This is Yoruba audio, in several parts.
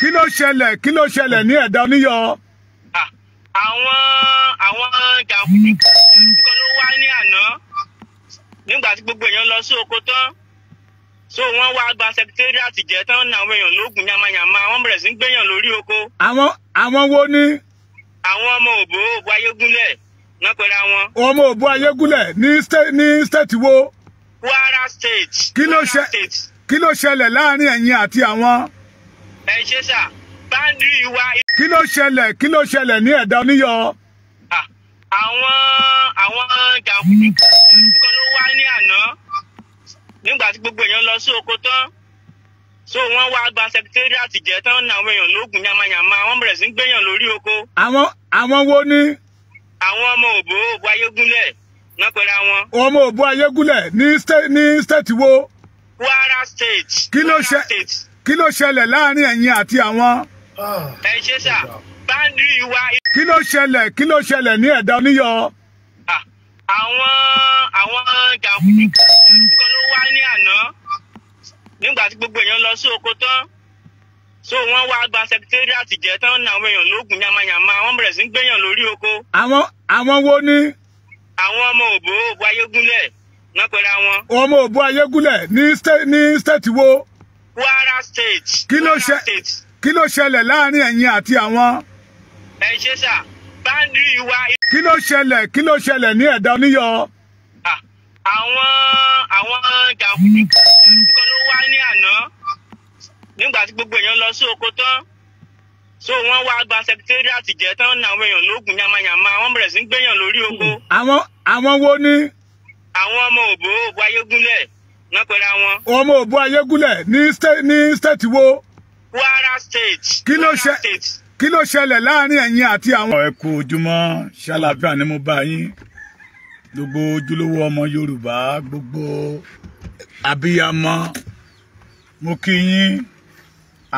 kí ló ṣẹlẹ̀ kí ló ṣẹlẹ̀ ní ẹ̀dá oníyọ. àwọn àwọn jàǹdùkú kan ló wá ní àná nígbà tí gbogbo èèyàn lọ sí oko tán so wọ́n wá gba secretariat jẹ tán ní àwọn èèyàn lóògùn yamayama wọ́n bẹ̀rẹ̀ sí ń gbéyàn lórí oko. àwọn àwọn wo ni. àwọn ọmọ òbó òbó ayégúnlẹ̀ náà pẹ̀lú àwọn. ọmọ òbó ayégúnlẹ̀ ní state ní state wo. Kwara state. kí ló ṣẹlẹ̀ láàrin ẹ̀yin àti àwọn ẹ ṣe sà báńdìrì wa. kí ló ṣẹlẹ̀ kí ló ṣẹlẹ̀ ní ẹ̀dá oníyọ. àwọn àwọn jàǹdùkú kan ló wá ní àná nígbà tí gbogbo èèyàn lọ sí oko tán so wọn wá gba secretariat jẹ tán ní àwọn èèyàn lóògùn yamayama wọn bẹ̀rẹ̀ sí ń gbéyàn lórí oko. àwọn àwọn wo ni. àwọn ọmọ òbó òbó ayégúnlẹ̀ náà pẹ̀lú àwọn. ọmọ òbó ayégúnlẹ̀ ní state ní state wo. Kwara state. kí ló ṣe kí ló ṣẹlẹ̀ láàrin ẹ̀yin àti àwọn. ẹ ṣe sà báńdìrì wa. kí ló ṣẹlẹ̀ kí ló ṣẹlẹ̀ ní ẹ̀dá oníyọ. àwọn àwọn jàǹkú kan ló wá ní àná nígbà tí gbogbo èèyàn lọ sí oko tán so wọ́n wá gba secretariat jẹ tán ní àwọn èèyàn lóògùn yamayama wọ́n bẹ̀rẹ̀ sí gbéyàn lórí oko. àwọn àwọn wo ni. àwọn ọmọ òbó òbó ayégúnlẹ̀ náà pẹ̀lú àwọn. ọmọ òbó ayégúnlẹ̀ ní state wo. Kwara State. kí ló ṣe kí ló ṣẹlẹ̀ láàrin ẹ̀yin àti àwọn. ẹ ṣe sà báńdìrì wa. kí ló ṣẹlẹ̀ kí ló ṣẹlẹ̀ ní ẹ̀dá oníyọ. àwọn àwọn jàǹdùkú hmm. kan ló wá ní àná nígbà tí gbogbo èèyàn lọ sí oko tán so wọn wá gba secretariat jẹ tán ní àwọn èèyàn lóògùn yamayama wọn bẹ̀rẹ̀ sí gbẹ̀yàn lórí oko. àwọn àwọn wo ni. àwọn ọmọ òbó òbó ayégúnlẹ̀ náà pẹ̀lú àwọn. ọmọ òbú ayégúnlẹ̀ ní ní state wo. Kwara state. kí ló ṣe kí ló ṣẹlẹ̀ láàrin ẹ̀yin àti àwọn. ẹ kú ojúmọ́ ṣàlàfíà ni mo bá yín gbogbo ojúlówó ọmọ Yorùbá gbogbo abiyamọ mo kí yín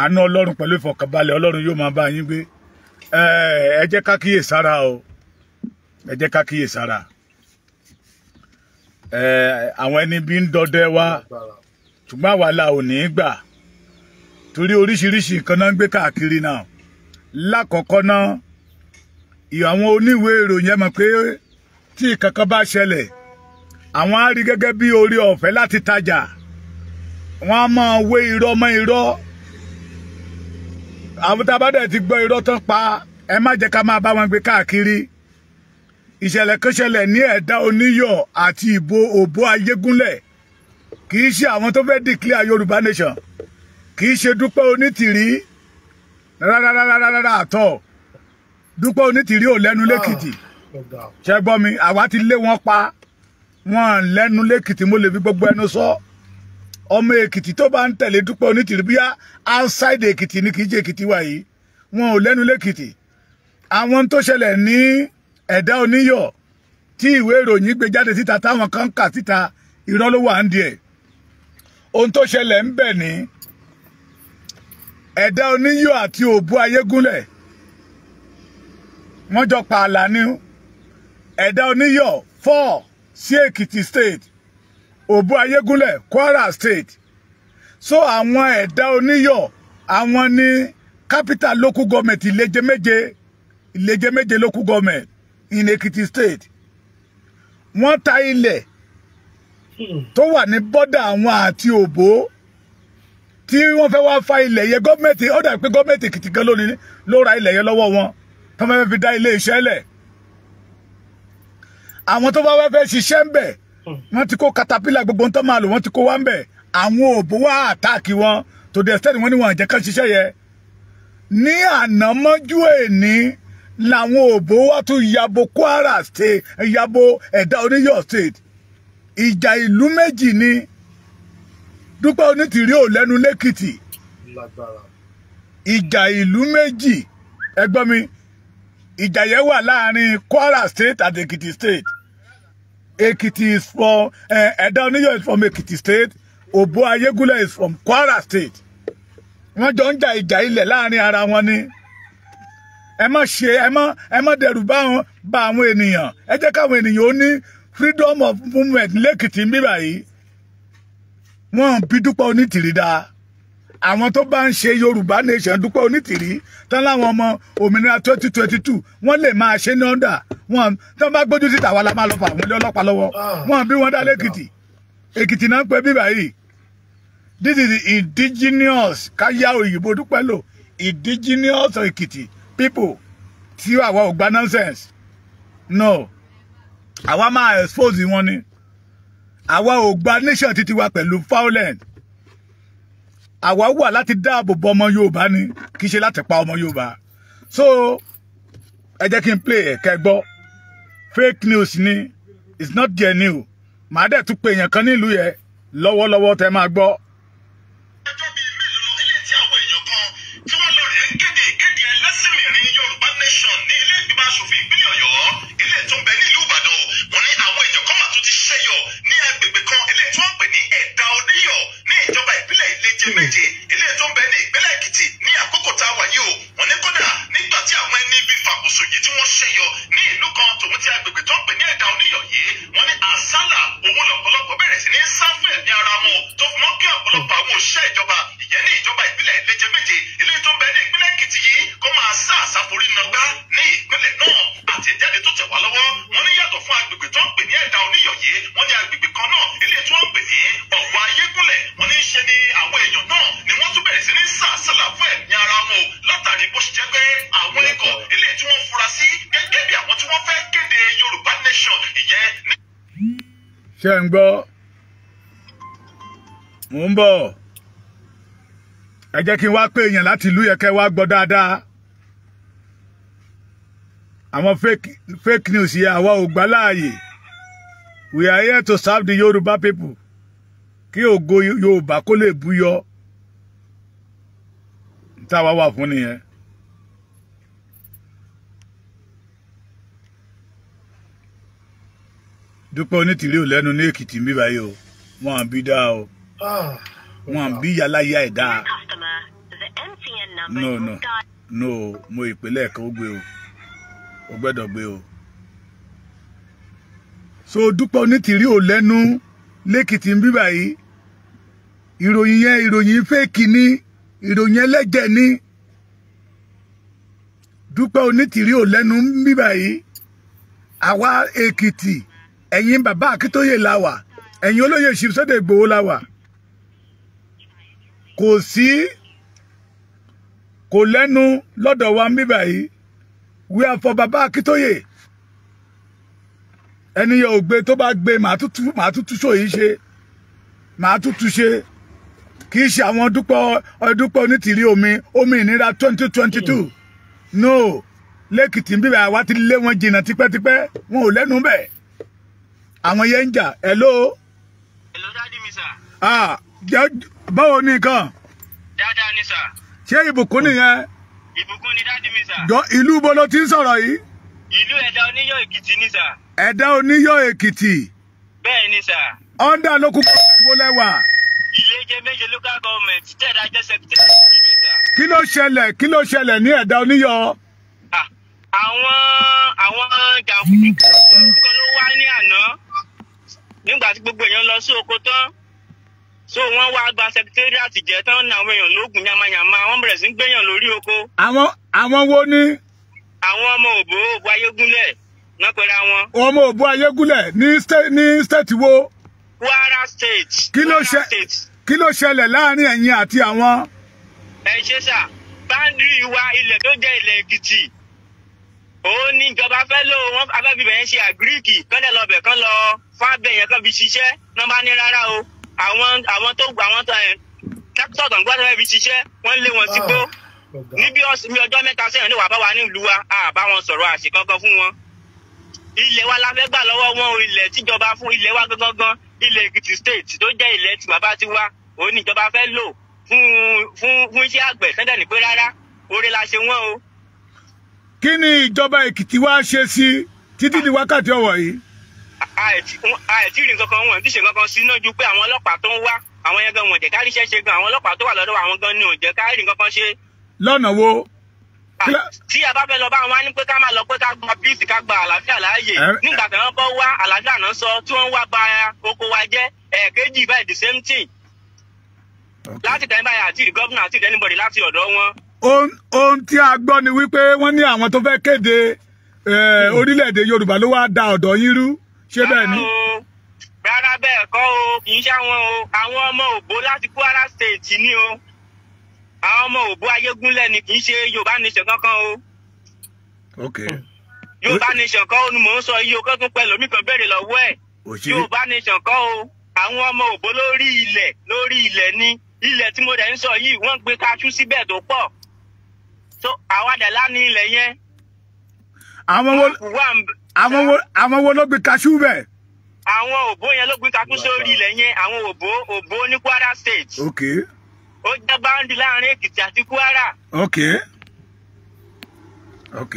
àánú Ọlọ́run pẹ̀lú ìfọ̀kànbalẹ̀ Ọlọ́run yóò máa bá yín gbé ẹ jẹ́ ká kíyè sára o ẹ jẹ́ ká kíyè sára àwọn ẹni bí ń dọdẹ wa ṣùgbọ́n àwa la ò ní í gbà torí oríṣiríṣi nǹkan náà ń gbé káàkiri náà lákọ̀ọ́kọ́ náà àwọn oníwèé ìròyìn ẹ mọ̀ pé tí kankan bá ṣẹlẹ̀ àwọn á rí gẹ́gẹ́ bí orí ọ̀fẹ́ láti tajà wọ́n á máa wé irọ́ mọ́ irọ́ àwọn tá ti gbọ́ irọ́ tán pa ẹ má jẹ́ ká máa bá wọn gbé káàkiri ìṣẹ̀lẹ̀ kan ṣẹlẹ̀ ní ẹ̀dá oníyọ̀ àti ìbò òbó ayégúnlẹ̀ kì í ṣe àwọn tó fẹ́ declare yorùbá nation kì í ṣe dúpẹ́ onítìrí rárárárárá àtọ̀ dúpẹ́ onítìrí ò lẹ́nu lẹ́kìtì ṣe gbọ́ mi àwa ti lé wọn pa wọn lẹ́nu lẹ́kìtì mo lè fi gbogbo ẹnu sọ ọmọ èkìtì tó bá ń tẹ̀lé dúpẹ́ onítìrí bíyá outside èkìtì ni kì í ṣe èkìtì wa yìí wọn ò lẹ́nu lẹ́kìtì àwọn tó ṣẹlẹ̀ ní ẹ̀dá oníyọ̀ tí ìwé ìròyìn gbé jáde síta táwọn kan kà síta irọ́ ló wà ń díẹ̀ ohun tó ṣẹlẹ̀ ń bẹ̀ ní ẹ̀dá oníyọ̀ àti òbú ayégúnlẹ̀ wọ́n jọ pààlà ní ẹ̀dá oníyọ̀ four sí èkìtì state òbú ayégúnlẹ̀ kwara state so àwọn ẹ̀dá oníyọ̀ àwọn ní capital local government ìlẹ́jẹ̀mẹ́jẹ ìlẹ́jẹ̀mẹ́jẹ local government in Ekiti state wọ́n ta ilẹ̀ hmm. tó wà ní bọ́dà àwọn àti òbó tí wọ́n fẹ́ wá fa ilẹ̀ yẹn gọ́ọ̀mẹ̀ntì ó dà pé gọ́ọ̀mẹ̀ntì Èkìtì gan lónìí ló ra ilẹ̀ yẹn lọ́wọ́ wọn tó fẹ́ fi dá ilé iṣẹ́ lẹ̀ àwọn tó bá wá fẹ́ ṣiṣẹ́ ń bẹ̀ hmm. wọ́n ti kó katapila gbogbo ń tọ́ máa lò wọ́n ti kó wá ń bẹ̀ àwọn òbó wá àtáàkì wọn to the extent wọ́n ní wọn àjẹkán ṣiṣẹ́ yẹn ní ànámọ́jú èní làwọn òbó wá tún yabo Kwara state yabo ẹ̀dá oníyọ̀ state ìjà ìlú méjì ni Dúpẹ́ Onítìrí ò lẹ́nu lẹ́kìtì ìjà ìlú méjì ẹ gbọ́ mi ìjà yẹn wà láàrin Kwara state àti Èkìtì state Ekiti is from uh, eh, Edaniyo is from Ekiti state. Obo Ayegula is from Kwara state. Wọ́n jọ ń jà ìjà ilẹ̀ láàrin ara wọn ni ẹ má ṣe ẹ má ẹ má dẹrù bá wọn bá àwọn ènìyàn ẹ jẹ́ káwọn ènìyàn ó ní freedom of movement lẹ́kìtì bíbà yìí wọ́n bí Dúpẹ́ Onítìrí dáa àwọn tó bá ń ṣe Yorùbá nation Dúpẹ́ Onítìrí tán láwọn ọmọ òmìnira twenty twenty two wọ́n lè máa ṣe ní ọ̀dà wọ́n tó bá gbójú síta wa la máa lọ fà àwọn ilé ọlọ́pàá lọ́wọ́ ah. wọ́n bí wọ́n dá lẹ́kìtì Èkìtì náà ń pẹ́ bíbà yìí this is indigenous káyà òyìnbó dúpẹ́ lò indigenous Èkìtì people tí àwa ò gba nonsense no àwa máa expose wọn ni àwa ò gba nation títí wa pẹ̀lú violent àwa wà láti dáàbò bo ọmọ Yorùbá ni kì í ṣe láti pa ọmọ Yorùbá so ẹ jẹ́ kí n play ẹ̀ka gbọ́ fake news ni it's not their new màá dẹ̀ tún pe èèyàn kan nílùú yẹn lọ́wọ́lọ́wọ́ tẹ máa gbọ́. ṣẹyọ ní ìlú kan tòun ti agbègbè tó ń pè ní ẹ̀dá oníyọ̀ yìí wọ́n ní àsálà òun lọ́pọ̀lọpọ̀ bẹ̀rẹ̀ sí ní sáfù ẹ̀mí ara wọn tó fi mọ́ kí ọ̀pọ̀lọpọ̀ àwọn òṣìṣẹ́ ìjọba ìyẹn ní ìjọba ìbílẹ̀ ìleje méje ilé tó ń bẹ ní ìpínlẹ̀ Èkìtì yìí kó máa sá àsàforí nàgbá ní ìpínlẹ̀ náà àti ìjáde tó tẹ̀ wá lọ́wọ́ wọ́n ní yàtọ̀ fún agbègbè tó ń pè ní ẹ̀dá oníyọ̀ yìí wọ́n ní agbègbè kan náà ilé tó ń pè ní ọ̀wọ́ ayégúnlẹ̀ wọ́n ní í ṣe ni àwọn èèyàn náà ni wọ́n tún bẹ̀rẹ̀ sí ní sàásàlà fún ẹ̀mí ara wọn látàrí bó ṣe jẹ́ pé àwọn ikọ̀ ilé tí wọ́n fura sí nation ìyẹn. ṣé ń gbọ́ mò ń bọ̀ ẹ jẹ́ kí n wá pé èèyàn láti ìlú yẹn kẹ́ wá gbọ́ dáadáa àwọn fake fake news yẹn àwa ò gbà láàyè we are here to serve the Yoruba people kí ògo Yorùbá kó lè bú yọ táwa wà fún nìyẹn. dúpẹ́ onítìrí ò lẹ́nu ní èkìtì ń bí báyìí o wọn à ń bí dáa o ah. wọn à ń bí yàláyà ẹ̀ dáa no no no mo ìpínlẹ̀ kan ó gbé o ó gbẹ́dọ̀ gbé o so dúpẹ́ onítìrí ò lẹ́nu lẹ́kìtì ń bí báyìí ìròyìn yẹn ìròyìn fẹ́ẹ̀kì ni ìròyìn ẹlẹ́jẹ̀ ni dúpẹ́ onítìrí ò lẹ́nu ń bí báyìí àwa èkìtì ẹ̀yin bàbá Akíntóyè la wà ẹ̀yin olóyè Sunday Igboho la kò sí kò lẹ́nu lọ́dọ̀ wa ń bíbà yìí wí àfọ bàbá Akíntóyè ẹni yẹn ò gbé tó bá gbé màá tútù màá tútù sóyìí ṣe màá tútù ṣe kì í ṣe àwọn dúpọ̀ ọdúpọ̀ onítìrí omi omi ìnira twenty twenty two no lẹ́kìtì ń bíbà wa ti lé wọn jìnnà tipẹ́tipẹ́ wọn ò lẹ́nu bẹ́ẹ̀ àwọn yẹn ń jà hello. hello dáàdi mi sà. ah jẹ báwo ni nǹkan. dáadáa ni sà. ṣé ìbùkún nìyẹn. ìbùkún ni dáàdi mi sà. jọ ìlú bo ló ti ń sọ̀rọ̀ yìí. ìlú ẹ̀dá oníyọ̀ èkìtì ni sà. ẹ̀dá oníyọ̀ èkìtì. bẹ́ẹ̀ ni sà. ọ̀ndà ló kú kó lẹ́wà. ìléje méje local government tẹ̀dá jẹ́ secretary ìbẹ̀ sà. kí ló ṣẹlẹ̀ kí ló ṣẹlẹ̀ ní ẹ̀dá oníyọ̀ àwọn àwọn jàǹdùkú kan ló wá ní àná nígbà tí gbogbo èèyàn lọ sí oko tán so wọ́n wá gba secretariat jẹ tán ní àwọn èèyàn lóògùn yamayama wọ́n bẹ̀rẹ̀ sí ń gbéyàn lórí oko. àwọn àwọn wo ni. àwọn ọmọ òbó òbó ayégúnlẹ̀ náà pẹ̀lú àwọn. ọmọ òbó ayégúnlẹ̀ ní ní state wo. Kwara state. kí ló kí ló ṣẹlẹ̀ láàrin ẹ̀yin àti àwọn. ẹ ṣe sà báńdìrì wa ilẹ̀ tó jẹ́ ilẹ̀ Èkìtì òun ni ìjọba fẹ́ lò wọ́n afẹ́fíbẹ̀ yẹn ṣe àgíríkì kán lè kán lọ wọn abẹ yẹn kan fi ṣiṣẹ́ náà bá ní rárá o àwọn àwọn tó gbà wọn tẹkítọ eh, tó ń gbà tó fẹẹ fi ṣiṣẹ́ wọn lé wọn sígbó ah, níbi ọjọ́ mẹ́ta sẹ́yìn ní wàá bá wa ní ìlú wa a bá wọn sọ̀rọ̀ àṣì kankan fún wọn ilẹ̀ wa la fẹ́ gbà lọ́wọ́ wọn o ilẹ̀ tíjọba fún ilẹ̀ wa gangan ilẹ̀ Èkìtì state tó jẹ́ ilẹ̀ tí bàbá ti wá òun níjọba fẹ́ lò fún fún fún iṣẹ́ àgbẹ̀ sẹ́dẹ̀ rárá oore la ṣe wọ́n o. kí ni ìjọba Èkìtì wá ṣe sí títí di wákàtí ọ̀wọ̀ yìí àìtí rí nǹkan kan wọn ti ṣe nǹkan kan sí náà ju pé àwọn ọlọ́pàá tó ń wá àwọn yẹn gan wọn jẹ́ ká ríṣẹ́ ṣe gan àwọn ọlọ́pàá tó wà lọ́dọ̀ àwọn gan ni ò jẹ́ ká rí nǹkan kan ṣe. lọ́nà wo. tí a bá fẹ́ lọ bá wọn á ní pé ká máa lọ pé ká gba bíìsì ká gba àlàáfíà láàyè nígbà tí wọ́n kọ́ wá àlàáfíà náà sọ tí wọ́n wá ba oko wa jẹ́ ẹ̀ẹ̀kejì báyìí the same thing. láti tẹ̀ báyìí àti rí gọ́vnà àti anybody láti ọ̀dọ̀ wọn. ohun tí a gbọ́ ni wípé wọ́n ní àwọn tó fẹ́ kéde eh, hmm. orílẹ̀-èdè Yorùbá ló wá da ọ̀dọ̀ yín rú ṣé bẹ́ẹ̀ ni. rárá bẹ́ẹ̀ kọ́ o kì í ṣàwọn o àwọn ọmọ ògbó láti Kwara State ni o àwọn ọmọ ògbó ayégúnlẹ̀ ni kì í ṣe Yorùbá nation kankan o. okay. Yorùbá nation kọ́ o ni mò ń sọ iye okó tún pẹ̀lú mi kan béèrè lọ́wọ́ ẹ̀ Yorùbá nation kọ́ o àwọn ọmọ ògbó lórí ilẹ̀ lórí ilẹ̀ ni ilẹ̀ tí mo dẹ̀ ń sọ yìí wọ́n gbé kaṣú síbẹ̀ tó pọ̀ so àwa dẹ̀ lá ní ilẹ̀ yẹn. àwọn wo àwọn wo àwọn wo ló gbin kaṣú bẹ́ẹ̀. àwọn òbó yẹn ló gbin kaṣú sórí ilẹ̀ yẹn àwọn òbó òbó ní Kwara state. ok. ó jẹ́ báńdì láàrin Èkìtì àti Kwara. ok. ok.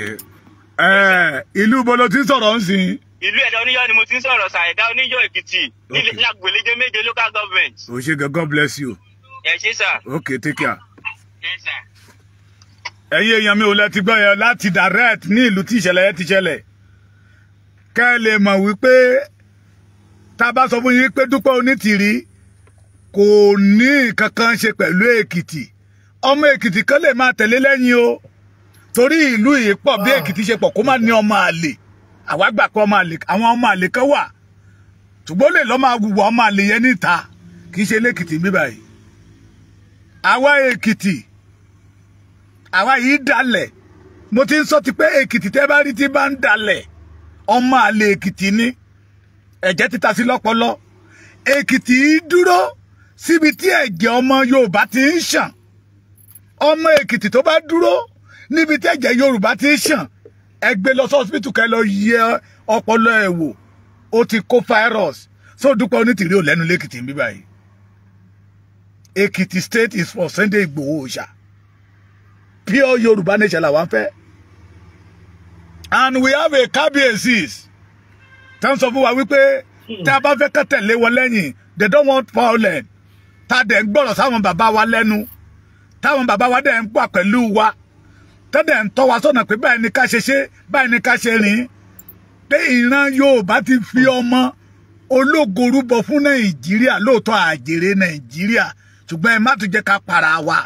ìlú ibo ti sọ̀rọ̀ ń sìn. ìlú Ẹ̀dá Oníyọ̀ ni mo ti ń sọ̀rọ̀ Ṣàyẹ̀dá Oníyọ̀ Èkìtì nílẹ̀ lágbèlédé méje local government. o ṣe gan God bless you. ẹ ṣé sà. ok take care. ẹ sà. èèyàn mi ò lẹ́ ti gbọ́ yẹn láti direct ní ìlú tí ìṣẹ̀lẹ̀ yẹn ti ṣẹlẹ̀ kẹ́ ẹ lè mọ̀ wípé tá a bá sọ fún yín pé Dúpẹ́ Onítìrí kò ní nǹkan kan ṣe pẹ̀lú Èkìtì ọmọ Èkìtì kan lè máa tẹ̀lé lẹ́yìn o torí ìlú yìí pọ̀ bí ah. Èkìtì ṣe pọ̀ kó má ní ọmọ àlè àwa gbà pé ọmọ àlè àwọn ọmọ àlè kan wà ṣùgbọ́n lè lọ́ máa wùwà ọmọ àlè yẹn níta kì í ṣe lẹ́kìtì mi báyìí àwa Èkìtì àwa yìí dalẹ̀ mo ti ń sọ ti pé Èkìtì tẹ́ bá rí ti bá ń dalẹ̀ ọmọ àlè èkìtì ni ẹ̀jẹ̀ títa sí lọ́pọlọ èkìtì dúró síbi tí ẹ̀jẹ̀ ọmọ yorùbá ti ń ṣàn ọmọ èkìtì tó bá dúró níbi tí ẹ̀jẹ̀ yorùbá ti ń ṣàn ẹ lọ sọ́ọ́sìpìtì kẹ́ lọ yẹ ọpọlọ ẹ̀ wò ó ti kó virus so Dúpẹ́ Onítìrí ò lẹ́nu lẹ́kìtì ń bí báyìí èkìtì state is for Sunday Igboho ṣá pure yorùbá nation làwọn fẹ́ẹ́ and we have a kábíyèsí tán sọ fún wa wípé tí a bá fẹ́ kàn wọn lẹ́yìn they don't want violence ta dẹ̀ ń gbọ́rọ̀ sáwọn bàbá wa lẹ́nu táwọn bàbá wa dẹ̀ ń gbà pẹ̀lú wa tán dẹ̀ ń tọ́ wa sọ̀nà pé báyìí ni ká ṣe ṣe báyìí ni ká ṣe rìn pé ìran Yorùbá ti fi ọmọ ológo rúbọ fún Nàìjíríà lóòótọ́ àjèrè Nàìjíríà ṣùgbọ́n ẹ má tún jẹ́ ká para wa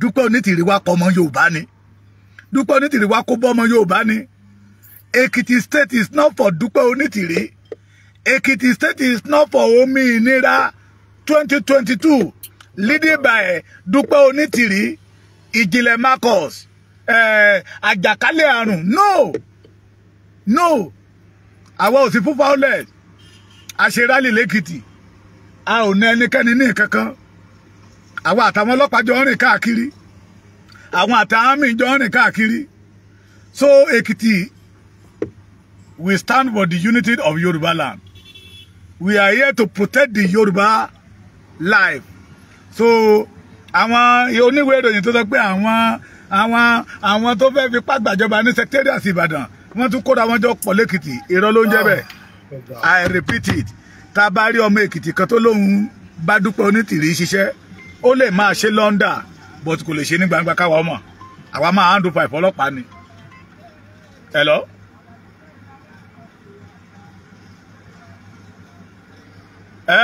Dúpẹ́ Onítìrí wa kọ́ ọmọ Yorùbá ni. Dúpẹ́ Onítìrí wá kó bọ́mọ Yorùbá ni Ekiti state is not for Dúpẹ́ Onítìrí Ekiti state is not for òmìnira 2022 leading by Dúpẹ́ Onítìrí Ìjìnlẹ̀ Marcus eh, àjàkálẹ̀ àrùn no no àwa ò sí fún fowlẹ̀ àṣerálì lẹ́kìtì a ò ná ẹnikẹ́ni ní ìkankan àwa àtàwọn ọlọ́pàá jọ ń rìn káàkiri àwọn àtàwọn míì jọ ń rìn káàkiri so Èkìtì we stand for the unity of Yoruba land we are here to protect the Yoruba life so àwọn oníwèé ìròyìn tó sọ pé àwọn àwọn àwọn tó fẹ́ fipá gbàjọba ní secretariat Ìbàdàn wọ́n tún kóra wọn jọ pọ̀ lẹ́kìtì irọ́ ló ń jẹ́ bẹ́ẹ̀ I repeat it tá a bá rí ọmọ Èkìtì kan tó lóun bá dúpẹ́ onítìrí ṣiṣẹ́ ó lè máa ṣe London but kò lè ṣe ní gbangba káwa ọmọ àwa máa handle pipe ọlọ́pàá ni hello. ẹ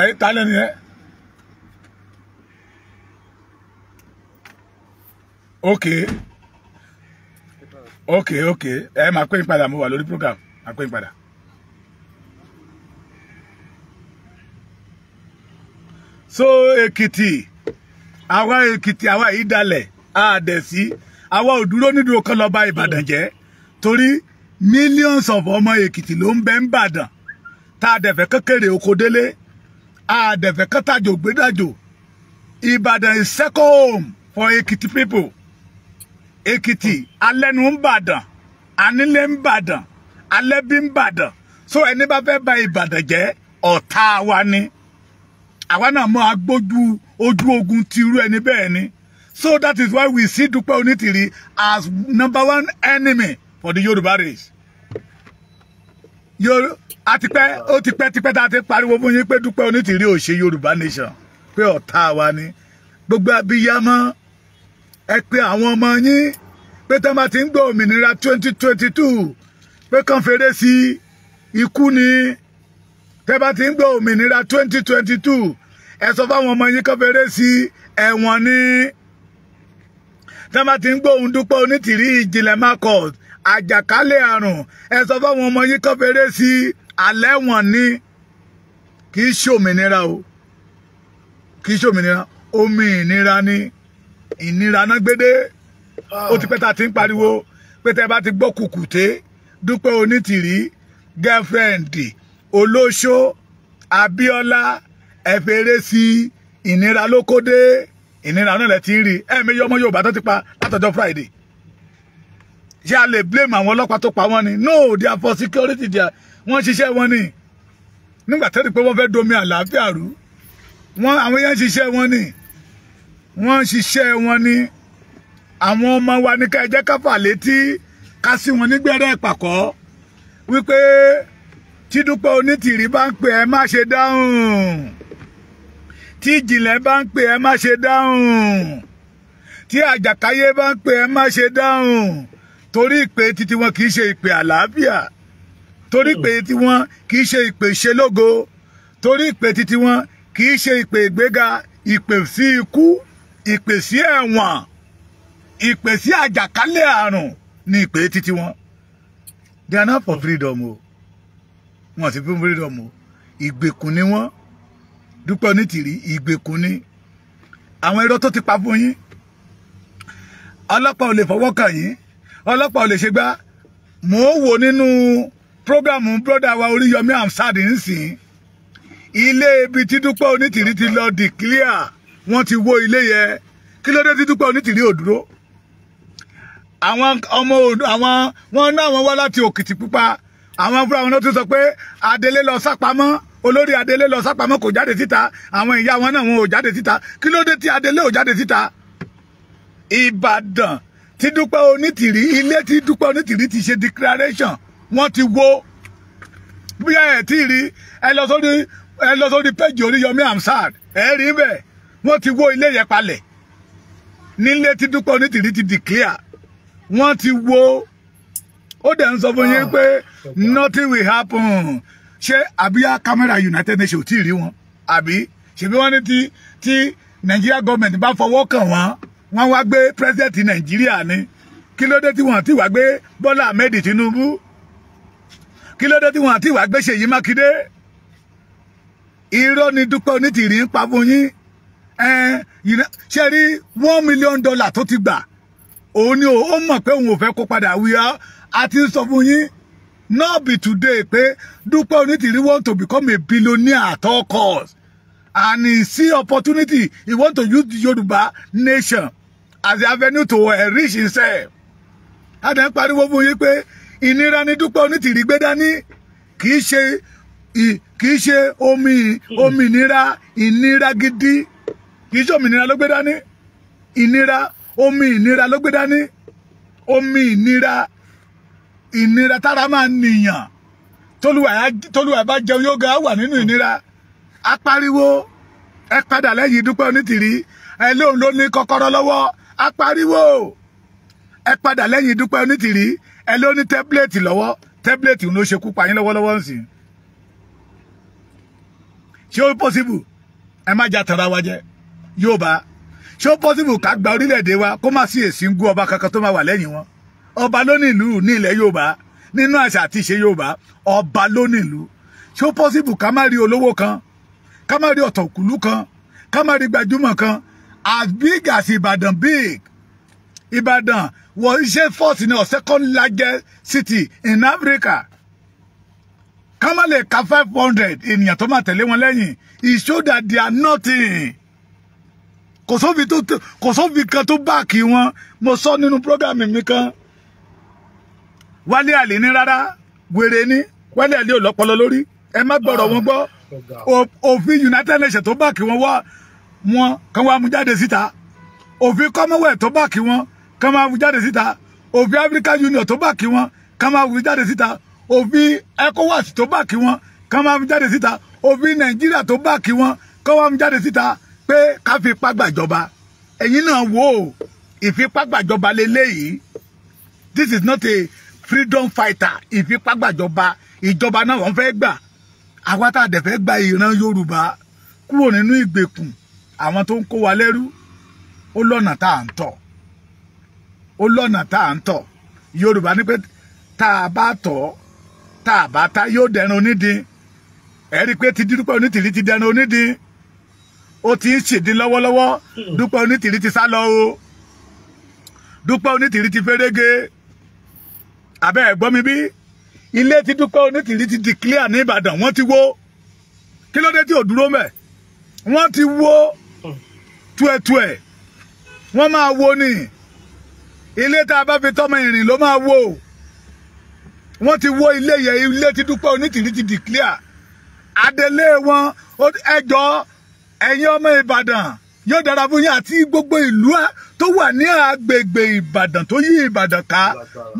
ẹ ta lẹ́nu yẹn. ok ok ok ẹ máa pè é padà mo wà lórí program àpẹ́yìn padà. so èkìtì àwa èkìtì àwa yìí dalẹ̀ àdẹ̀sí àwa ò dúró nídùú kan lọ́ba ìbàdàn jẹ́ torí millions of ọmọ èkìtì ló ń bẹ ń bàdàn tá a dẹ̀fẹ́ kékeré oko délé a dẹ̀fẹ́ kẹ́tàjò gbẹ́dàjò ìbàdàn is second home for èkìtì people èkìtì alẹ́nu ń bàdàn anílé ń bàdàn alẹ́ bí ń bàdàn so ẹni bá fẹ́ ba Ìbàdàn jẹ́ ọ̀tá wa ni àwa náà mọ agbójú ojú ogun ti irú ẹni bẹ́ẹ̀ ni so that is why we see Dúpẹ́ Onítìrí as number one enemy for the Yorùbá race. Yorùbá àti pẹ́ ó ti pẹ́ tipẹ́ tá a ti pariwo fún yín pé Dúpẹ́ Onítìrí ò ṣe Yorùbá nation pé ọ̀tá wa ni gbogbo abiyamọ ẹ pé àwọn ọmọ yín pé tá a máa ti ń gbọ́ òmìnira twenty twenty two pé kàn fèrè sí ikú ni tẹ́ bá ti ń gbọ́ òmìnira 2022 ẹ sọ fáwọn ọmọ yín kàn fèrè sí ẹ̀wọ̀n ni tẹ́ bá ti ń gbọ́ òun dúpẹ́ onítìrí ìjìnlẹ̀ marcus àjàkálẹ̀ àrùn ẹ sọ fáwọn ọmọ yín kàn fèrè sí àlẹ́wọ̀n ni kì ṣe òmìnira o kì ṣe òmìnira omi ìnira ni ìnira náà gbédé ó ti pẹ́ ta ti ń pariwo pé tẹ́ bá ti gbọ́ kùkùté dúpẹ́ onítìrí gẹ́fẹ́ǹdì olóṣó abíọ́lá ẹ̀fẹ̀rẹ́ sí ìnira lókódé ìnira náà lẹ ti ń rí ẹ̀ẹ́mẹ́yẹ ọmọ yorùbá tó ti pa látọjọ́ friday ṣé a lè blame àwọn ọlọ́pàá tó pa wọ́n ni no they are for security they are wọ́n ṣiṣẹ́ wọn ni nígbà tẹ́lẹ̀ pé wọ́n fẹ́ domi àlàáfíà rú wọ́n àwọn yẹn ń ṣiṣẹ́ wọn ni wọ́n ń ṣiṣẹ́ wọn ni àwọn ọmọ wa ní ká ẹ jẹ́ ká fà létí Kasi sí wọn nígbẹ́rẹ́ ìpàkọ́ wípé tídúpẹ́ onítìrí bá ń pè ẹ́ má ṣe dáhùn tí ìjìnlẹ̀ bá ń pè ẹ́ má ṣe dáhùn tí àjàkáyé bá ń pè ẹ́ má ṣe dáhùn torí ìpè títí wọn kì í ṣe ìpè àlàáfíà torí ìpè tí wọn kì ṣe ìpè ìṣelógo torí ìpè títí wọn kì ṣe ìpè ìgbéga ìpè sí ikú ìpè sí ẹ̀wọ̀n ìpè sí àjàkálẹ̀ àrùn ní ìpè títí wọn they are not for freedom o wọn ti fún freedom o ìgbèkùn ni wọn Dúpẹ́ Onítìrí ìgbèkùn ni àwọn irọ́ tó ti pa fún yín ọlọ́pàá ò lè fọwọ́ kàn yín ọlọ́pàá ò lè ṣe gbá mò ń wò nínú prógámù brọ́dà wa Oríyọmí Hamzat nsìn ilé ibi tí Dúpẹ́ Onítìrí ti lọ dìclíà wọ́n ti wó ilé yẹ kí ló dé tí Dúpẹ́ Onítìrí ò dúró àwọn ọmọ odò àwọn wọn ná àwọn wá láti Òkìtìpupa àwọn fúnra wọn náà tún sọ pé Adelé lọ sápamọ́ olórí Adelé lọ sápamọ́ kò jáde síta àwọn ìyá wọn náà wọn ò jáde síta kí ló dé tí Adelé ò jáde síta Ìbàdàn ti Dúpẹ́ Onítìrí ilé tí Dúpẹ́ Onítìrí ti ṣe declaration wọ́n ti wo bí ẹ ti rí ẹ lọ sórí ẹ lọ sórí péjì Oríyọmí Hamzat ẹ rí bẹ́ẹ̀ wọ́n ti wo ilé yẹn palẹ̀ nílé tí Dúpẹ́ Onítìrí ti declare wọ́n ti wo ó dẹ̀ ń sọ fún yín ah, pé nothing will happen ṣé àbíyá camera United Nations ò tí ì rí wọn àbí ṣèbí wọ́n ní tí tí Nigeria government bá fọwọ́ kàn wọ́n wọ́n wá gbé president Nigeria ni kí ló dé tí wọ́n ti wá gbé Bọ́lá Ahmed Tinubu kí ló dé tí wọ́n ti wá gbé Ṣèyí Mákindé irọ́ ni Dúpẹ́ Onítìrí ń pa fún yín ṣe rí one million dollar tó ti gbà òun ni ó mọ̀ pé òun ò fẹ́ kó padà wíyá a sọ fún yín not be today pé Dúpẹ́ Onítìrí want to become a billionaire at all cost and he see opportunity he want to use the Yorùbá nation as the avenue to enrich himself. adàn pariwo fún yín pé ìnira ni Dúpẹ́ Onítìrí gbé dání kì í ṣe kì í ṣe omi òmìnira ìnira gidi kì í ṣe òmìnira ló gbé dání ìnira omi ìnira ló gbé dání omi ìnira ìnira tára máa nìyàn tólúwa bá jẹun yóò ga wà nínú ìnira apariwo ẹ padà lẹ́yìn dúpẹ́ onítìrí ẹ lóun ló ní kọ́kọ́rọ́ lọ́wọ́ apariwo ẹ padà lẹ́yìn dúpẹ́ onítìrí ẹ ló ní tẹ́bílẹ̀tì lọ́wọ́ tẹ́bílẹ̀tì ló ṣekú pa yín lọ́wọ́lọ́wọ́ ń ṣé ó possible ẹ má jà tara wa jẹ yóò bá ṣé ó possible ká gba orílẹ̀-èdè wa kó má sí èsì ń gún ọba kankan tó máa wà lẹ́yìn wọn ọba ló ní ìlú ní ilẹ̀ Yorùbá nínú àṣà àti ìṣe Yorùbá ọba ló ṣé ó possible ká má rí olówó kan ká má rí ọ̀tọ̀kùlú kan ká má rí gbajúmọ̀ kan as big as Ibadan, big Ìbàdàn wọ iṣẹ́ force ní second largest city in Africa ká má lè ka five hundred ènìyàn tó máa tẹ̀lé wọn lẹ́yìn it show that they are nothing kò sóbi tó kò sóbi kan tó báàkì wọn mo sọ nínú prógámì mi kan Wálé Àlè ní rárá wèrè ni Wálé Àlè ò lọ́pọlọ lórí ẹ má gbọ́rọ̀ wọn gbọ́ òfin United Nations tó báàkì wọn wá wọn kan wá mú jáde síta òfin Commonwealth tó báàkì wọn kan máa mú jáde síta òfin African Union tó báàkì wọn kan máa mú jáde síta òfin ECOWAS tó báàkì wọn kan máa mú jáde síta òfin Nàìjíríà tó báàkì wọn kan wá mú jáde síta pé ká fi ipá gbàjọba ẹ̀yin náà wò ó ìfipá gbàjọba leléyìí this is not a freedom fighter ìfipá gbàjọba ìjọba náà wọ́n fẹ́ gbà àwa tá a dẹ̀ fẹ́ gba ìran Yorùbá kúrò nínú ìgbèkùn àwọn tó ń kó wa lẹ́rú ó lọ́nà tá à ń tọ̀ ó lọ́nà tá à ń tọ̀ Yorùbá ní pé tá a bá tọ̀ tá a bá ta yóò dẹran onídìí ẹ̀rí pé ti dídúpẹ́ onítìrí ti dẹran onídìí ó ti ń ṣèdí lọ́wọ́lọ́wọ́ hmm. dúpẹ́ onítìrí ti sá lọ o dúpẹ́ onítìrí ti fẹ́rẹ́gẹ abẹ́ ẹ̀gbọ́n mi bí ilé tí dúpẹ́ onítìrí ti declare ní Ìbàdàn wọ́n ti wó kí ló dé tí ò dúró mẹ́ wọ́n ti wó hmm. tuẹ̀tuẹ̀ wọ́n máa wo ni ilé tá a bá fi tọ́mọ ìrìn ló máa wó wọ́n ti wó ilé yẹn ilé tí dúpẹ́ onítìrí ti declare adelé wọn ẹjọ́ ẹ̀yin ọmọ ìbàdàn yóò dára fún yín àti gbogbo ìlú tó wà ní agbègbè ìbàdàn tó yí ìbàdàn ká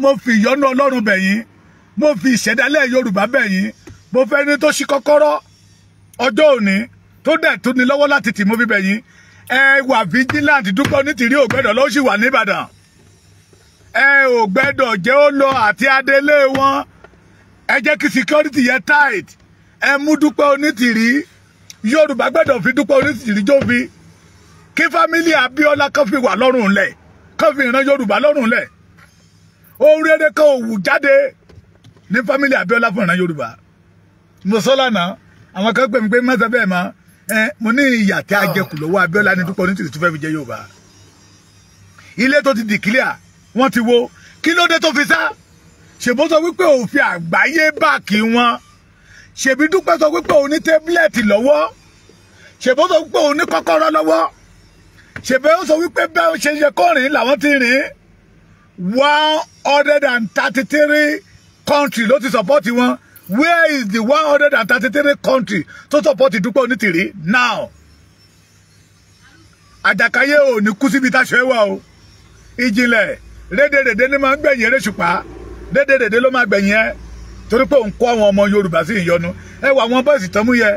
mo fi ìyọ́nú ọlọ́run bẹ̀ yín mo fi ìṣẹ̀dálẹ̀ yorùbá bẹ̀ yín mo fẹ́ ní tó ṣí kọ́kọ́rọ́ ọjọ́ òní tó dẹ̀ tó ní lọ́wọ́ láti tì mo fi bẹ̀ yín ẹ wà vigilant dúpọ̀ nítìrí ògbẹ́dọ̀ lọ́wọ́ sì wà níbàdàn ẹ ò gbẹ́dọ̀ jẹ́ ó lọ àti adélé wọn ẹ jẹ́ kí security yẹ tight ẹ mú dúpẹ́ onítìrí yorùbá gbẹ́dọ̀ fi dúpẹ́ oníṣìíríjó fi kí fámílì abíọ́lá kan fi wà lọ́rùn lẹ̀ kan fi ìran yorùbá lọ́rùn lẹ̀ orí eré kan ò wù jáde ní fámílì abíọ́lá fún ìran yorùbá mo sọ lánàá àwọn kan pè mí pé mọ́tò bẹ́ẹ̀ mọ́ ẹ mo ní ìyà tí a jẹ kù lọ́wọ́ abíọ́lá ní dúpẹ́ oníṣìírí tó fi jẹ yorùbá ilé tó ti dìkílíà wọ́n ti wo kí ló dé tó fi sá ṣèbó sọ wípé òfin àgbáyé báàkì wọn ṣèbí dúpẹ́ sọ wípé òun ní tẹ́bílẹ̀tì lọ́wọ́ ṣèbó sọ wípé òun ní kọ́kọ́rọ́ lọ́wọ́ ṣèbí ó sọ wípé bẹ́ẹ̀ ṣe ṣe kọ́rin làwọn ti rìn one hundred and thirty three country ló ti support wọn where is the one hundred and thirty three country tó support dúpẹ́ onítìrí now àjàkáyé ò ní kú síbi táṣọ ẹwà o ìjìnlẹ̀ rédèrèdè ni máa ń gbẹ̀yìn eré ṣùpá rédèrèdè ló máa gbẹ̀yìn ẹ torí pé òun kọ́ àwọn ọmọ Yorùbá sí ìyọnu ẹ wà àwọn bọ́ọ̀sì tán mú yẹ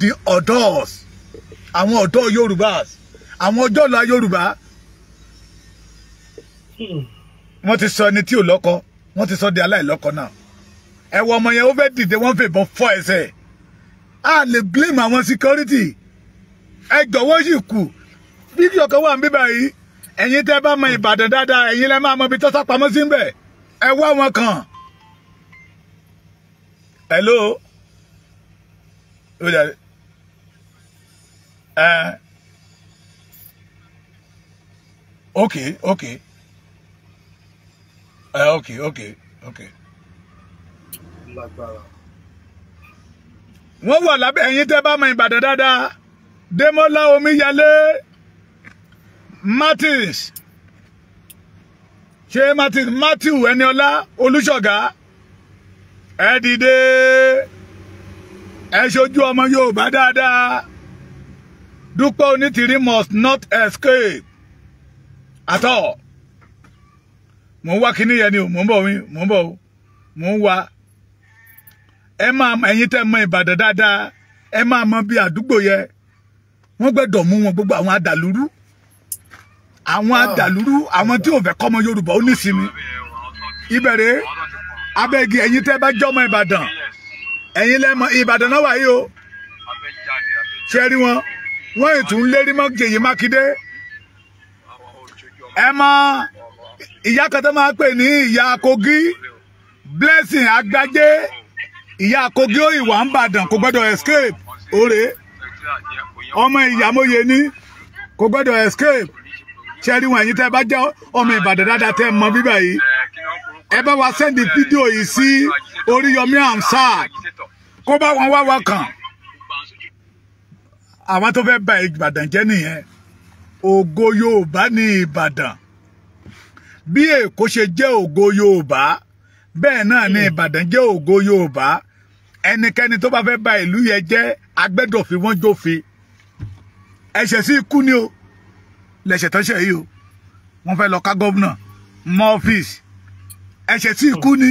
the adults àwọn ọ̀dọ́ Yorùbá àwọn ọjọ́ ọ̀la Yorùbá wọ́n ti sọ ẹni tí ò lọ́kọ wọ́n ti sọ di aláìlọ́kọ náà ẹ wọ ọmọ yẹn ó fẹ́ dìde wọ́n fìbọn fọ́ ẹsẹ̀ a lè blame àwọn security ẹ jọ̀wọ́ yìí kù fídíò kan wà ń bíbá yìí ẹ̀yin tẹ́ bá mọ Ìbàdàn dáadáa ẹ̀yin lẹ́ máa mọ ibi tọ́sà pamọ́ sí ń bẹ̀ ẹ wá wọn hello ẹ ẹ eh. Okay. Okay. ẹ eh, ok ok ok. wọ́n wà lábẹ́ ẹ̀yin tẹ́ bá mọ Ìbàdàn dáadáa Démọ́lá Omíyalé Martins ṣé Martins Matthew Ẹniọlá Olúṣọ̀gá ẹ dìde ẹ ṣojú ọmọ Yorùbá dáadáa Dúpẹ́ Onítìrí must not escape at all mò ń wá kíní yẹn ni o mò ń bọ̀ mi mò ń bọ̀ o mò ń wá ẹ máa ẹ̀yin tẹ́ mọ Ìbàdàn dáadáa ẹ máa mọ bí àdúgbò yẹ wọ́n gbẹ́dọ̀ mú wọn gbogbo àwọn adàlúrú àwọn adàlúrú àwọn tí ò fẹ́ kọ́mọ Yorùbá ó nísìmí ìbẹ̀rẹ̀ abẹ́gi ẹ̀yin tẹ́ bá jọmọ Ìbàdàn ẹ̀yin lẹ́mọ Ìbàdàn náà wáyé o ṣe rí wọn wọ́n ètò ń lérí mọ́ Jèyí Mákindé ẹ mọ ìyá kan tó máa pè ní ìyá Kogi Blessing Agbájé ìyá Kogi òyìnbó àǹbàdàn kò gbọ́dọ̀ escape òre ọmọ ìyàmóye ní kò gbọ́dọ̀ escape ṣe rí wọn ẹ̀yin tẹ́ bá jẹ́ ọmọ Ìbàdàn dáadáa tẹ́ mọ bíbá yìí ẹ wa sẹ́ndì fídíò yìí sí Oríyọmí Hamzat kó bá wọn wá wa kàn àwọn tó fẹ́ ba Ìbàdàn jẹ́ nìyẹn ògo Yorùbá ní Ìbàdàn bí Èkó ṣe jẹ́ ògo Yorùbá bẹ́ẹ̀ náà ni Ìbàdàn jẹ́ ògo Yorùbá ẹnikẹ́ni tó bá fẹ́ ba ìlú yẹn jẹ́ agbẹ́dọ̀fin wọ́n jófin ẹ̀ṣẹ̀ sí ikú ni o lẹ̀ṣẹ̀ tán ṣe yìí o wọ́n fẹ́ lọ ká gómìnà mọ́ ọ́fíìsì ẹ̀ṣẹ̀ tí ikú ni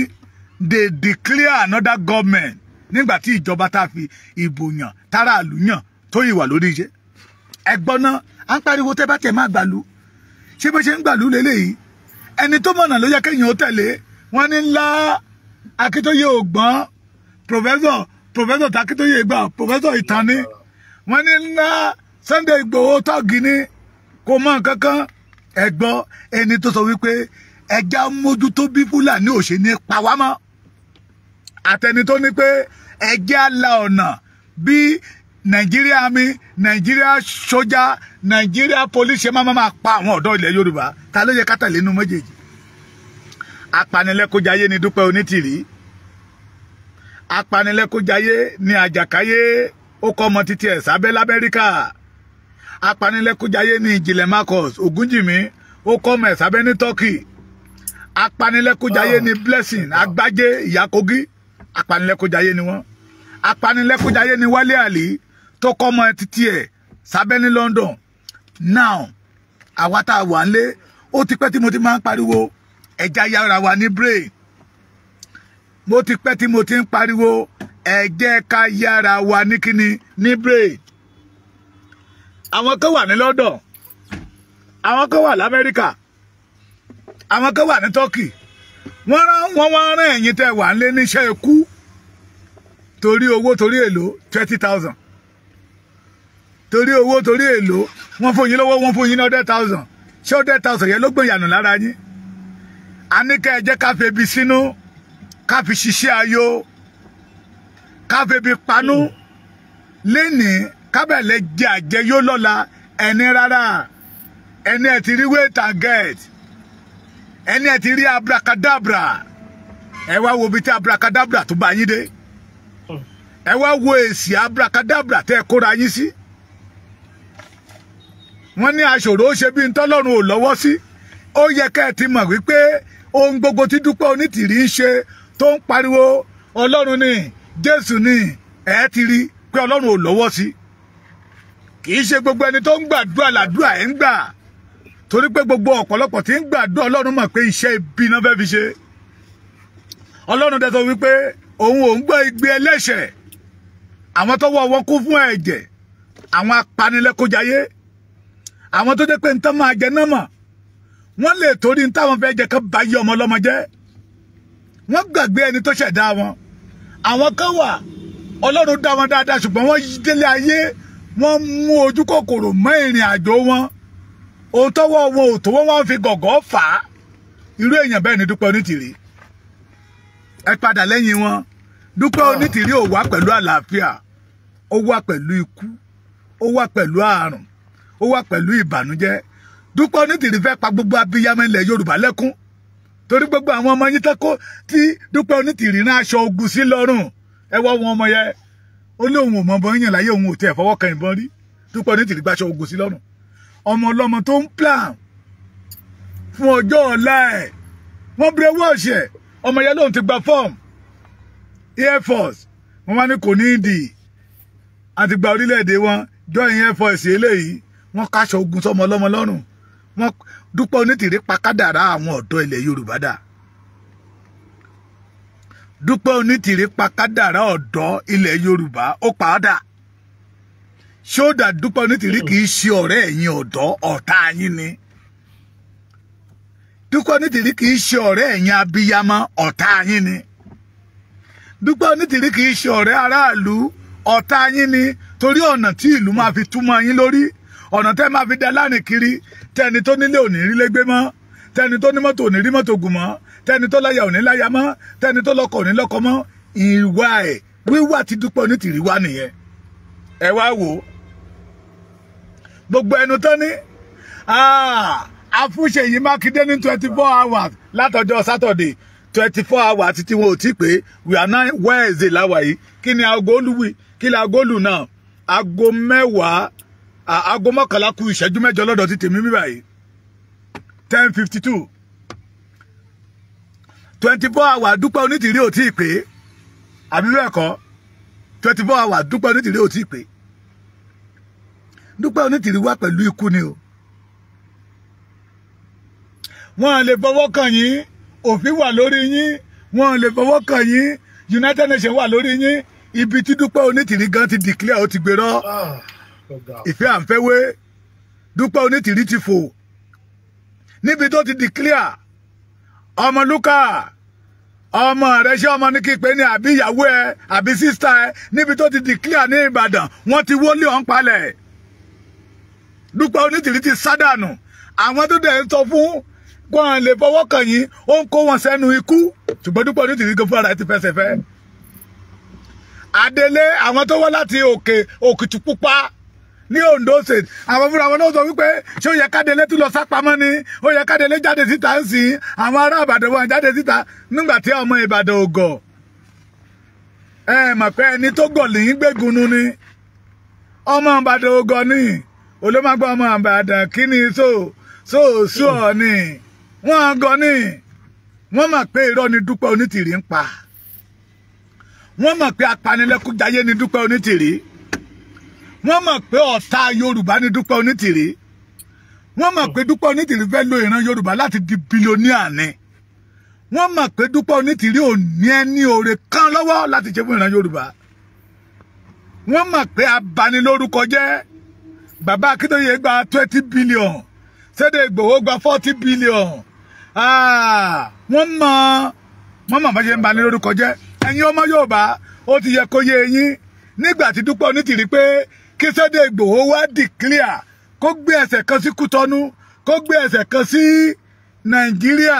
they declare another government nígbà tí ìjọba tá a fi ìbò yàn tára àlù yàn tó ìwà lórí iṣẹ́ ẹ̀gbọ́n náà à ń pariwo tẹ́ bá tẹ̀ máa gbàlú ṣé bó ṣe ń gbàlú lélẹ́yìí ẹni tó mọ̀nà ló yẹ kéèyàn ó tẹ̀lé wọ́n ní ńlá akíntóye ògbọ́n pòfẹ́sọ̀ pòfẹ́sọ̀ takíntóye ìgbà pòfẹ́sọ̀ ìtàní wọ́n ní ńlá Sunday Ìgbòho tọ́ọ̀gì ni kò mọ̀ nǹkan kan ẹ̀gbọ́n ẹni tó sọ wípé ẹja mójútó bí fúlàní ò ṣe ní pàwámọ́ àtẹni tó ní pé ẹja la ọ̀nà bí nàìjíríà mi nàìjíríà sójà nàìjíríà police ṣe máa máa pa àwọn ọ̀dọ́ ilẹ̀ yorùbá ta ló yẹ ká tẹ̀lé inú méjèèjì apanilẹ́kọ̀jáyé ni dúpẹ́ onítìrí apanilẹ́kọ̀jáyé ni àjàkáyé ó kọ́ ọmọ títí ẹ̀ sábẹ́ lábẹ́ríkà apanilẹ́kọ̀jáyé ni ìjìnlẹ̀ marcus ògúnjìmí ó kọ́ ọmọ ẹ̀ sábẹ́ ní turkey apanilẹ́kọ̀jayé ni blessing agbájé ìyàkógí apanilẹ́kọ̀jayé ni wọ́n apanilẹ́kọ̀jayé ni wálé àlè tó kọ́ ọmọ títí ẹ̀ sábẹ́ ní London now àwa tá a wà nílé ó ti pẹ́ tí mo ti máa ń pariwo ẹja yára wa ní brain mo ti pẹ́ tí mo ti ń pariwo ẹ ká yára wa ní kíni ní brain àwọn kan wà ní London àwọn kan wà l'Amẹ́ríkà àwọn kan wà ní turkey wọ́n rán wọ́n wá rán ẹ̀yin tẹ́ wà nílé níṣẹ́ ikú torí owó torí èlò twenty thousand torí owó torí èlò wọ́n fún yín lọ́wọ́ wọ́n fún yín ní hundred thousand ṣé hundred thousand yẹn ló gbé ìyànà lára yín a ní ká ẹ jẹ́ ká febi sínú ká fi ṣiṣẹ́ ayọ̀ ká febi panú lénìí kábẹ̀lẹ̀ jẹ àjẹyó lọ́la ẹni rárá ẹni ẹ ti rí wait and get. ẹni ẹ ti rí abracadabra ẹ wá wo bi tí abracadabra tó bá yín dé ẹ wá wo èsì abracadabra tẹ́ ẹ kóra yín sí wọ́n ní aṣòro ó ṣe bí n tọ́lọ́run ò lọ́wọ́ sí ó yẹ kẹ́ ẹ ti mọ̀ wípé ohun gbogbo tí Dúpẹ́ Onítìrí ń ṣe tó ń pariwo ọlọ́run ni Jésù ni ẹ ti rí pé ọlọ́run ò lọ́wọ́ sí kì í ṣe gbogbo ẹni tó ń gbàdúrà làdúrà ẹ̀ ń gbà. torí pé gbogbo ọ̀pọ̀lọpọ̀ tí ń gbàdúrà ọlọ́run mọ̀ pé iṣẹ́ ibi náà fẹ́ fi ṣe ọlọ́run dẹ́tọ̀ wípé òun ò ń gbọ́ igbe ẹlẹ́ṣẹ̀ àwọn tọ́wọ́ wọn kún fún ẹ̀jẹ̀ àwọn apanilẹ́kọ̀jayé àwọn tó jẹ́ pé nǹkan máa jẹ náà mọ̀ wọ́n lè torí ní táwọn fẹ́ jẹ kán bá yí ọmọ ọlọ́mọ jẹ́ wọ́n gbàgbé ẹni tó ṣẹ̀dá wọn àwọn kan wà ọlọ́run dá wọn dáadáa ṣùgbọ́n wọ́n délé ayé wọ́n mú ojú kòkòrò mọ́ ìrìn àjò wọn òtọ́wọ́ wọn ò tó wọ́n wá ń fi gọ̀gọ́ fà á irú èèyàn bẹ́ẹ̀ ni dúpẹ́ onítìrí ẹ padà lẹ́yìn wọn dúpẹ́ onítìrí ò wá pẹ̀lú àlàáfíà ó wá pẹ̀lú ikú ó wá pẹ̀lú àrùn ó wá pẹ̀lú ìbànújẹ́ dúpẹ́ onítìrí fẹ́ pa gbogbo abiyamọ ilẹ̀ yorùbá lẹ́kún torí gbogbo àwọn ọmọ yín tẹ́kọ́ tí dúpẹ́ onítìrí rán aṣọ ogun sí lọ́rùn ẹ wá wọn ọmọ yẹn ó lóun ò mọ bọ́ yàn láyé òun ò tẹ̀ fọwọ́ kan ìbọn rí dúpẹ́ onítìrí gbàṣọ ogun sí lọ́rùn ọmọ ọlọ́mọ tó ń plan fún ọjọ́ ọ̀la ẹ̀ wọ́n bẹ̀rẹ̀ wọ́ọ̀ṣẹ̀ ọmọ yẹn lóun ti gba fọ́ọ̀mù air force wọ́n wá ní kò ní ìdì àti gba orílẹ̀-èdè wọn join air force eléyìí wọ́n káṣọ ogun sọmọ ọlọ́mọ lọ́rùn wọ́n Dúpẹ́ Onítìrí pa àwọn ọ̀dọ́ ilẹ̀ Yorùbá dà Dúpẹ́ Onítìrí pa ọ̀dọ́ ilẹ̀ Yorùbá ó pa ṣódà Dúpẹ́ Onítìrí kì í ṣe ọ̀rẹ́ ẹ̀yin ọ̀dọ́ ọ̀tá yín ni Dúpẹ́ Onítìrí kì í ṣe ọ̀rẹ́ ẹ̀yin abiyamọ ọ̀tá yín ni Dúpẹ́ Onítìrí kì í ṣe ọ̀rẹ́ aráàlú ọ̀tá yín ni torí ọ̀nà tí ìlú máa fi túmọ̀ yín lórí ọ̀nà tẹ́ máa fi da lánìí kiri tẹni tó nílé òní rí lẹ́gbẹ́ mọ́ tẹni tó ní mọ́tò òní rí mọ́tò gùn mọ́ tẹni tó láyà òní láyà mọ́ tẹni tó lọ́kọ òní lọ́kọ mọ́ ìwà ẹ̀ wíwà ti Dúpẹ́ Onítìrí wá nìyẹn ẹ wá wò ó gbogbo ẹnu tán ní àfúnṣe ah, yìí mákindé ní twenty four hours látọjọ́ saturday twenty four hours títí wọn ò tí pé we are now wednesday láwa yìí kí ni aago olúwi kí ni aago olù náà aago mẹ́wàá aago mọ́kànlá kù ìṣẹ́jú mẹ́jọ lọ́dọ̀ ti tèmi mi báyìí ten fifty two twenty four hours dúpẹ́ onítìrí ò tí pé àbí bẹ́ẹ̀ kọ́ twenty four hours dúpẹ́ onítìrí ò tí pé. Dúpẹ́ Onítìrí wà pẹ̀lú ikú ni o wọ́n lè fọwọ́ kàn yín òfin wà lórí yín wọ́n lè fọwọ́ kàn yín United Nations wà lórí yín ibi tí Dúpẹ́ Onítìrí gan ti declare ó ti gbérọ́ ah, ìfẹ́ àǹfẹ́wé Dúpẹ́ Onítìrí ti fò níbi tó ti declare ọmọ lúkà ọmọ rẹ ṣé ọmọ ní kípe ni àbí ìyàwó ẹ àbí sísá ẹ níbi tó ti declare ní Ìbàdàn wọ́n ti wọlé ọ̀n palẹ̀. Dúpẹ́ Onítìrí ti sádànù àwọn tó dẹ̀ ń sọ fún wọn lè fọwọ́ kàn yín ó ń kó wọn sẹ́nu ikú ṣùgbọ́n Dúpẹ́ Onítìrí gan fúnra rẹ̀ ti fẹsẹ̀ fẹ́. Adélé àwọn tó wá láti òkè Òkìtìpupa ní Ondo State àwọn fúnra wọn náà sọ wípé ṣé ó yẹ kádélé tún lọ sápamọ́ ni ó yẹ kádélé jáde síta ń sìn àwọn ará Ìbàdàn wọn jáde síta nígbà tí ọmọ Ìbàdàn ò gọ̀ ẹ mọ̀ pé ẹni tó gọ̀ lè ń gbégunnu ni ọmọ Ìbàdàn ò gọ̀ nìyí olómọgbà ọmọ àbàdàn kí ni so so sú ọ hmm. ni wọ́n gan ni wọ́n mọ̀ pé irọ́ ni dúpẹ́ onítìrí ń pa wọ́n mọ̀ pé apanilẹ́kújayé ni dúpẹ́ onítìrí wọ́n mọ̀ pé ọ̀tá yorùbá ni dúpẹ́ onítìrí wọ́n mọ̀ pé dúpẹ́ onítìrí fẹ́ lo ìran yorùbá láti di bílíọ̀nìà ni wọ́n mọ̀ pé dúpẹ́ onítìrí ò ní ẹni oore kan lọ́wọ́ láti ṣe fún ìran yorùbá wọ́n mọ̀ pé abanilórúkọ jẹ́ bàbá akíntóye gba 20 billion Sunday Igboho gba 40 billion ah, wọ́n mọ wọ́n mọ̀ bá ṣe ń ba ẹ̀yin ọmọ Yorùbá o ti yẹ kó yé yín nígbà ti pé kí Sunday Igboho wá declare gbé ẹsẹ̀ kan sí kó gbé ẹsẹ̀ kan sí Nàìjíríà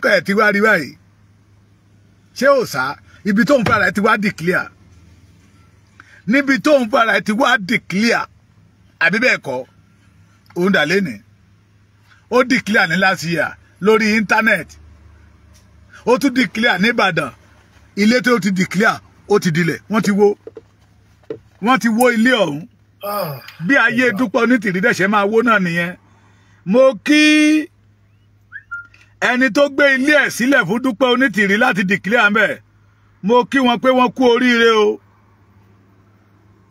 pé ní ti ibi tó níbi tó ń fara ti wá declare àbí bẹ́ẹ̀ kọ́ òun ó declare ní last year lórí internet ó tún declare ní Ìbàdàn ilé tó ti declare ó ti dilẹ̀ wọ́n ti wo wọ́n ti wo ilé ọ̀hún ah. bí ayé dúpọ̀ onítìrí dẹ̀ṣẹ̀ máa wó náà nìyẹn mo kí ẹni tó gbé ilé ẹ̀ sílẹ̀ fún dúpẹ́ onítìrí láti declare mẹ́ mo kí wọn pé wọ́n kú oríire o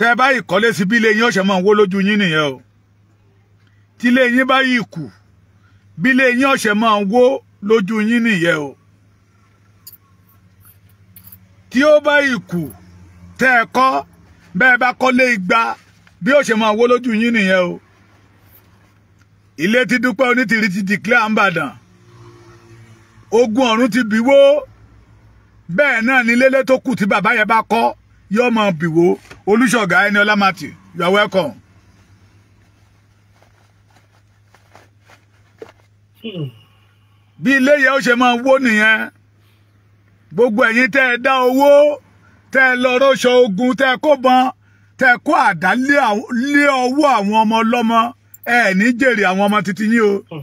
tẹ́ bá ìkọ́lé sí bí ilé yín ó ṣe máa wó lójú yín nìyẹn o tí ilé yín bá yìí kù bí ilé yín ó ṣe máa wó lójú yín nìyẹn o tí ó bá yìí kù tẹ́ ẹ kọ́ bẹ́ẹ̀ bá kọ́lé igba bí ó máa wó lójú yín nìyẹn o ilé tí Dúpẹ́ Onítìrí ti dìklẹ́ àǹbàdàn ogun ọ̀run ti bíwó bẹ́ẹ̀ náà ni lélé tó kù tí bàbá yẹn bá kọ́ yọmọ bìwó olùṣọgà Ẹniọlá Matthew you are welcome. bí ilé yẹn ó ṣe máa wó nìyẹn gbogbo ẹ̀yin tẹ́ ẹ dá owó tẹ́ ẹ lọ rọṣọ ogun tẹ́ ẹ kó bọn tẹ́ ẹ kó àdá lé ọwọ́ àwọn ọmọ ọlọ́mọ ẹ ní jèrè àwọn ọmọ títí yín o.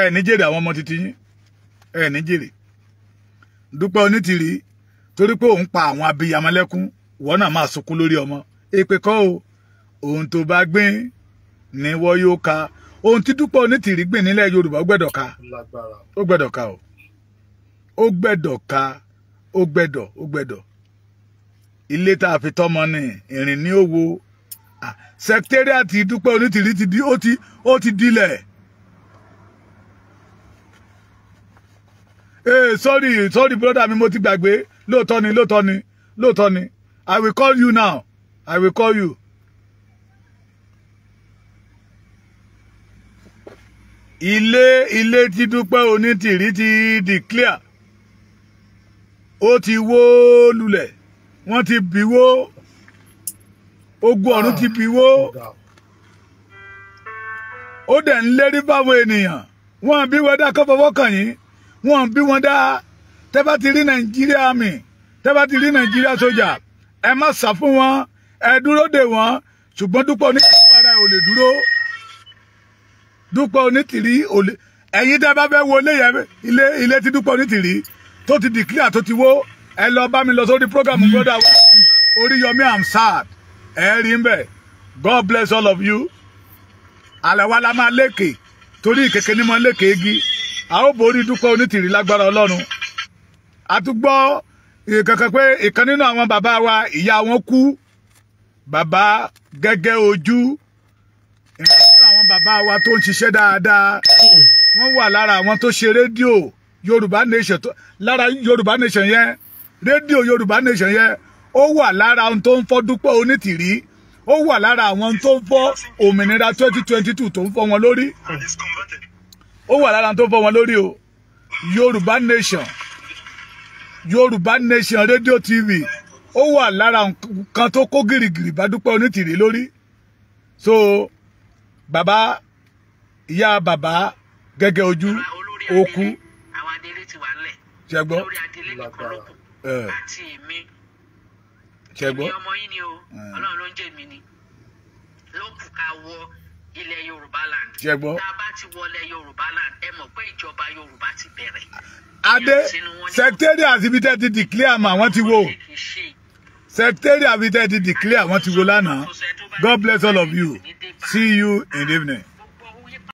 ẹ ní jèrè àwọn ọmọ títí yín ẹ ní jèrè. Dúpẹ́ Onítìrí torí pé òun pa àwọn abiyamọ lẹ́kún ìwọ náà máa sunkún lórí ọmọ èpè kọ́ o ohun tó bá gbìn ni wọ́n yóò ka ohun tí Dúpẹ́ Onítìrí gbìn nílẹ̀ Yorùbá ó gbẹ́dọ̀ ka ó gbẹ́dọ̀ ka o ó gbẹ́dọ̀ ka ó gbẹ́dọ̀ ó gbẹ́dọ̀ ilé tá a fi tọ́mọ ni ìrìn ní òwò sẹkítẹ́rì àti Dúpẹ́ Onítìrí ti di ó ti dilẹ̀. Hey, eh, sorry, sorry, brother mi, mo ti gbàgbé. Lóòótọ́ ni, lóòótọ́ ni, lóòótọ́ ni. I will call you now. I will call you. Ilé ilé ti dúpẹ́ onítìrí ti declare. Ó ti wó lulẹ̀. Wọ́n ti bìwó. Ogun ọ̀run ti bìwó. Ó dẹ̀ ń lérí fáwọn ènìyàn. Wọ́n bí wẹ́dá kọ́ fọwọ́ kàn yín wọn bí wọn dá tẹ́ bá ti rí nàìjíríà mi tẹ́ bá ti rí nàìjíríà sójà ẹ má sà fún wọn ẹ dúró dè wọn ṣùgbọ́n dúpọ̀ ní ìpara ò lè dúró dúpọ̀ onítìrí ò lè ẹ̀yin tẹ́ bá fẹ́ wo ilé ilé tí dúpọ̀ onítìrí tó ti dìklíà tó ti wó ẹ lọ bá mi lọ sórí programu hmm. brother Oríyọmí Hamzat ẹ rí ń bẹ God bless all of you àlẹ́ wa la máa lékè torí ìkẹ̀kẹ́ ni mo lékè igi a ó borí dúpẹ́ onítìrí lágbára ọlọ́run àtúgbọ́ ìkankan pé ìkan nínú àwọn bàbá wa ìyá wọn kú bàbá gẹ́gẹ́ ojú ìkan nínú àwọn bàbá wa tó ń ṣiṣẹ́ dáadáa wọ́n wà lára àwọn tó ṣe rédíò yorùbá nation lára yorùbá nation yẹn rédíò yorùbá nation yẹn ó wà lára ohun tó ń fọ́ dúpẹ́ onítìrí ó wà lára àwọn tó ń fọ́ òmìnira twenty twenty two tó ń fọ́ wọn lórí ó wà lára tó fọ́ wọn lórí o Yorùbá Nation Yorùbá Nation Radio TV ó wà lára nǹkan tó kó gìrìgìrì bá Dúpẹ́ Onítìrí lórí so bàbá ìyá bàbá gẹ́gẹ́ ojú okú ṣẹgbọ́ ṣẹgbọ́ ọlọ́run ló ń jẹ́ mi ni ló kù ká wọ ilẹ̀ yorùbá land. ṣe gbọ́. tá a bá ti wọlé yorùbá land ẹ mọ̀ pé ìjọba yorùbá ti bẹ̀rẹ̀. adé sẹkítẹ́rì àtibítẹ́ ti declare ma wọ́n ti wo sẹkítẹ́rì àtibítẹ́ ti declare wọ́n ti wo lánàá God bless all of you see you in the evening.